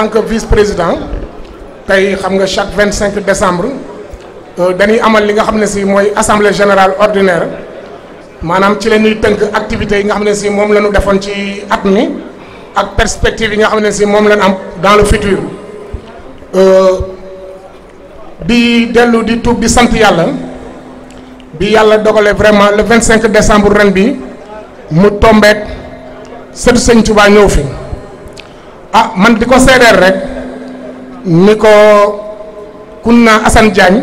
tant que vice président tey xam nga chaque vingt cinq décembre euh, dañuy amal li nga xam ne si mooy assemblée générale ordinaire maanaam ci leen tënk activités yi nga xam ne si moom la ñu defoon ci at mi ak perspective yi nga xam ne si moom la am dans le futur euh, di dellu di tuub bi sant yàlla bi yàlla dogale vraiment le vingt cinq décembre ren bi mu tombet sëtu sëñ Tuubaa ñëw fii ah man di ko seedeel rek ni ko Kunna Assane Diagne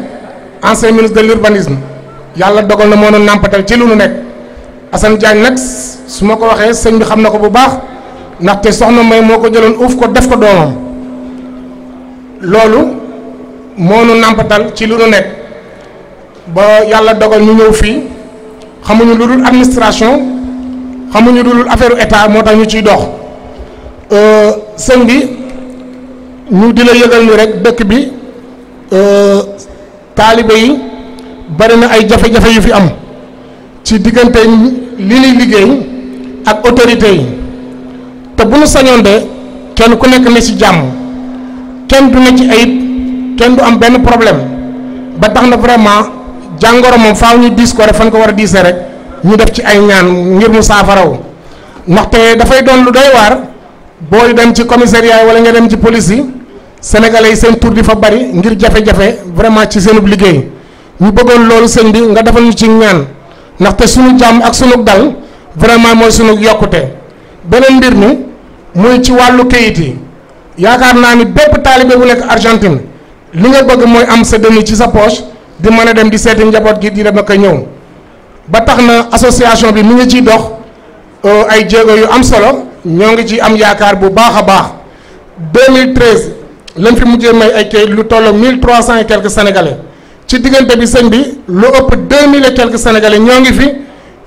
ancien ministre de l'urbanisme yàlla dogal na moo nu nàmpatal ci lu nu nekk Assane Diagne nag su ma ko waxee sëñ bi xam na ko bu baax ndaxte soxna May moo ko jëloon uuf ko def ko doomam loolu moo nu nàmpatal ci lu nu nekk ba yàlla dogal ñu ñëw fii xamuñu lu dul administration xamuñu lu dul affaire état moo tax ñu ciy dox. Euh, sëñ bi ñu di la yëgal ni rek dëkk bi euh, taalibe yi bari na ay jafe-jafe yu fi am ci diggante li ñuy liggéey ak autorité yi te bu ñu sañoon de kenn ku nekk ne ci jàmm kenn du ne ci ayit kenn du am benn problème ba tax na vraiment jàngoro moom faaw ñu diis ko rek fan ko war a diisee rek ñu def ci ay ñaan ngir mu saafaraw ndaxte dafay doon lu doy waar. boo dem ci commissariat yi wala nga dem ci police yi sénégalais yi seen tur di fa bari ngir jafe-jafe vraiment ci seenub liggéey ñu bëggoon loolu sëñ bi nga defal ñu ci ñaan ndaxte suñu jàmm ak suñu dal vraiment mooy suñu yokkute beneen mbir mi muy ci wàllu kayit yi yaakaar naa ni bépp taalibe bu nekk Argentine li nga bëgg mooy am sa deni ci sa poche di mën a dem di seeti njaboot gi di dem ak a ñëw ba tax na association bi mu ngi ciy dox euh, ay jéego yu am solo. ñoo ngi ci am yaakaar bu baax a baax 2013 lañ fi mujjee may ay kayit lu toll 1300 e quelques sénégalais ci diggante bi sëñ bi lu ëpp 2000 et quelques sénégalais ñoo ngi fi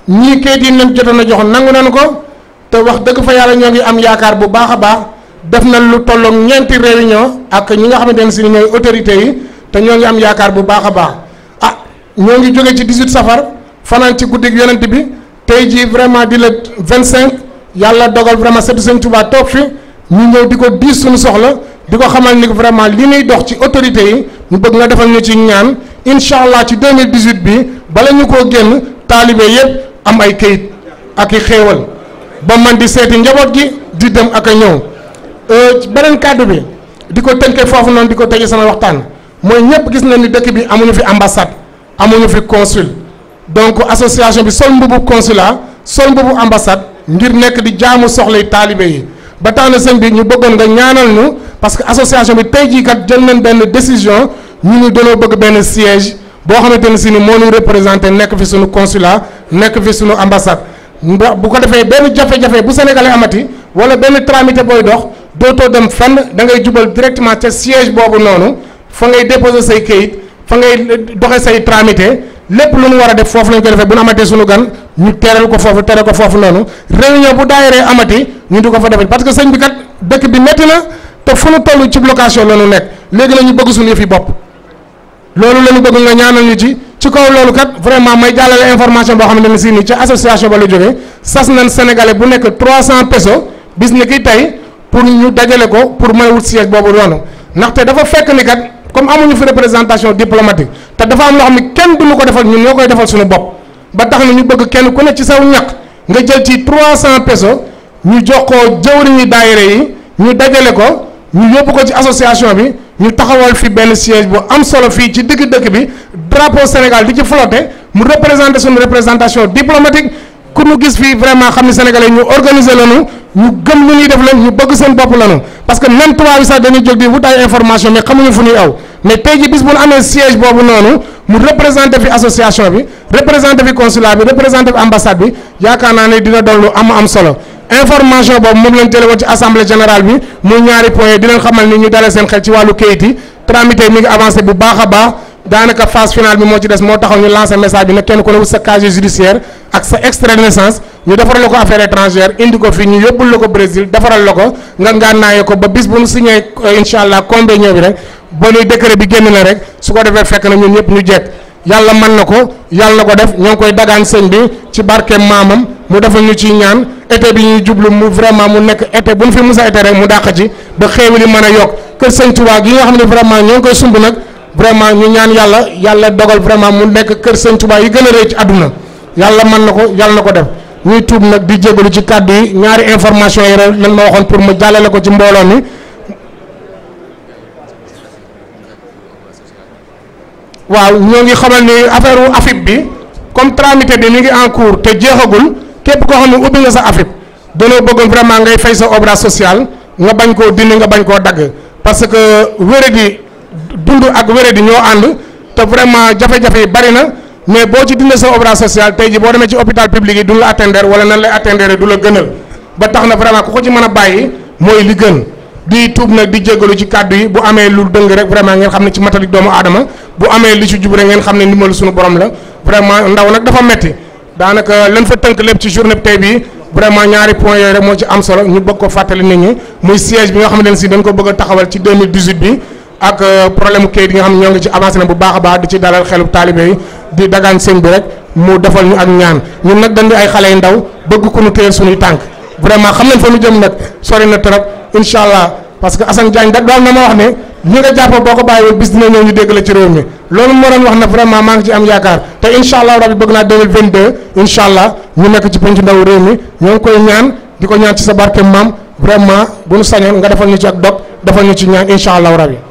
ñii kayit yi ñu jotoon a jox nangu nañu ko te wax dëgg fa yàlla ñoo ngi am yaakaar bu baax a baax def na lu toll ñeenti réunion ak ñi nga xamante ne ni ñooy autorités yi te ñoo ngi am yaakaar bu baax a baax ah ñoo ngi jóge ci 18 safar fanaan ci guddig yonent bi tey jii vraiment di la 25. yàlla dogal vraiment sëtu sëñ Tuubaa toog fi ñu ñëw di ko diis suñu soxla di ko xamal ni vraiment li ñuy dox ci autorité yi ñu bëgg nga defal ñu ci ñaan incha allah ci 2018 bi bala ñu koo génn taalibe yëpp am ay kayit ak i xéewal ba man di seeti njaboot gi di dem ak a ñëw euh, beneen kàddu bi di ko tënkee foofu noonu di ko tëjee sama waxtaan mooy ñëpp gis na ni dëkk bi amuñu fi ambassade amuñu fi consul donc association bi sol mbubu consulat sol mbubu ambassade ngir nekk di jaamu soxlay taalibe yi ba tax na sëñ bi ñu bëggoon nga ñaanal ñu parce que association bi tey jii kat jël nañ benn décision ñu ñu danoo bëgg benn siège boo xamante ne si ni moo ñu représenté nekk fi suñu consulat nekk fi suñu ambassade ndax bu ko defee benn jafe-jafe bu sénégalais amati wala benn tramité booy dox dootoo dem fenn da ngay jubal directement ca siège boobu noonu fa ngay déposer say kayit fa ngay doxee say tramité lépp lu mu war a def foofu lañ koy defee bu ñu amatee ñu teral ko foofu tere ko foofu noonu réunion bu daayiree amati ñu di ko fa defee parce que sëñ bi kat dëkk bi métti na te fu nu toll ci location la ñu nekk léegi la ñu bëgg suñu yëf yi bopp. loolu la ñu bëgg nga ñaanal ñu ci ci kaw loolu kat vraiment may jàllale information boo xam ne si nii ci association ba la jógee sas na sénégalais bu nekk 300 pesos bis ni ki tey pour ñu dajale ko pour mën a wut siège boobu noonu ndaxte dafa fekk ni kat comme amuñu fi représentation diplomatique te dafa am loo xam ne kenn ko defal ñun ñoo koy defal suñu bopp. ba tax na ñu bëgg kenn ku ne ci saw ñaq nga jël ci trois 300 pesos ñu jox ko jëwriñi daayira yi ñu dajale ko ñu yóbbu ko ci association bi ñu taxawal fi benn siège bu am solo fii ci digg dëkk bi drapeau Sénégal di ci flotté mu représenté représentation diplomatique. ku nu gis fii vraiment xam ne sénégalais ñu organiser lanu ñu gëm lu ñuy def la ñu bëgg seen bopp lanu parce que même tubaab yi sax dañuy jóg di wut information mais xamuñu fu ñuy aw mais tey ji bis bu ñu amee siège boobu noonu mu représenté fi association bi représenté fi consulat bi représenté fi ambassade bi yaakaar naa ne dina doon lu am am solo information boobu moom lañ jëlee woon ci assemblée générale bi muy ñaari point di xamal ni ñu dalee wàllu kayit yi tramité mi a baax daanaka phase moo ci des moo taxaw ñu lancé ak sa extrait de naissance ñu defaral la ko affaire étrangère indi ko fi ñu yóbbul la ko Brésil defaral la ko nga ngànnaaye ko ba bis bu ñu signé euh, incha allah convention bi rek ba luy décret bi génn na rek su ko defee fekk na ñun ñëpp ñu jekk yàlla mën na ko yàlla na ko def ñoo koy dagaan sëñ bi ci barkeem maamam mu defal ñu ci ñaan été bi ñuy jublu mu vraiment mu nekk été bu ñu fi musa été rek mu dàq ci ba xéew li mën a yokk kër sëñ Tuubaa gi nga xam ne vraiment ñoo ngi koy sumb nag vraiment ñu ñaan yàlla yàlla dogal vraiment mu nekk kër sëñ Tuubaa yi gën a rëy ci àdduna yàlla mën na ko yàlla na ko def ñuy tuub nag di jégalu ci kàddu yi ñaari information yi rek lan ma waxoon pour ma jàllale ko ci mbooloo mi waaw ñoo ngi xamal ni affaire u AFIP bi comme tramité bi mi ngi en cours te jeexagul képp koo xam ne ubbi nga sa AFIP danoo bëggoon vraiment ngay fey sa obra sociale nga bañ koo dindi nga bañ koo dagg parce que wéré di dund ak wéré di ñoo ànd te vraiment jafe-jafe yi bari na mais boo ci dindee sa obra sociale tey ji boo demee ci hôpital public yi du la attendre wala nan lay attendre du la gënal ba tax na vraiment ku ko ci mën a bàyyi mooy li gën di tuub nag di jégalu ci kàddu yi bu amee lu dëng rek vraiment ngeen xam ne ci matalik doomu aadama bu amee li ci jub rek ngeen xam ne ndimbal suñu borom la vraiment ndaw nag dafa metti daanaka lan fa tënk lépp ci journée bi tey bii vraiment ñaari point yooyu rek moo ci am solo ñu bëgg ko fàttali nit ñi muy siège bi nga ne si dañ ko bëgg taxawal ci 2018 bi ak euh, problème mu kayit yi nga xam ne ñoo ngi ci avancé na bu baax a baax di ci dalal xelub taalibe yi di dagaan sëñ bi rek mu defal ñu ak ñaan ñun nag dañ di ay xale yu ndaw bëgg ku ñu téyel suñuy tànk vraiment xam nañ fa ñu jëm nag sori na trop incha allah parce que Assane Diagne dag daal na ma wax ne ñi nga jàpp boo ko bàyyiwoon bis dina ñëw ñu dégg la ci réew mi loolu moo doon wax na vraiment maa ngi ci am yaakaar te incha allah rabi bëgg naa 2022 incha allah ñu nekk ci penc ndaw réew mi ñoo koy ñaan di ko ñaan ci sa barke maam vraiment bu ñu sañoon nga defal ñu ci ak dog defal ñu ci ñaan incha allah rabi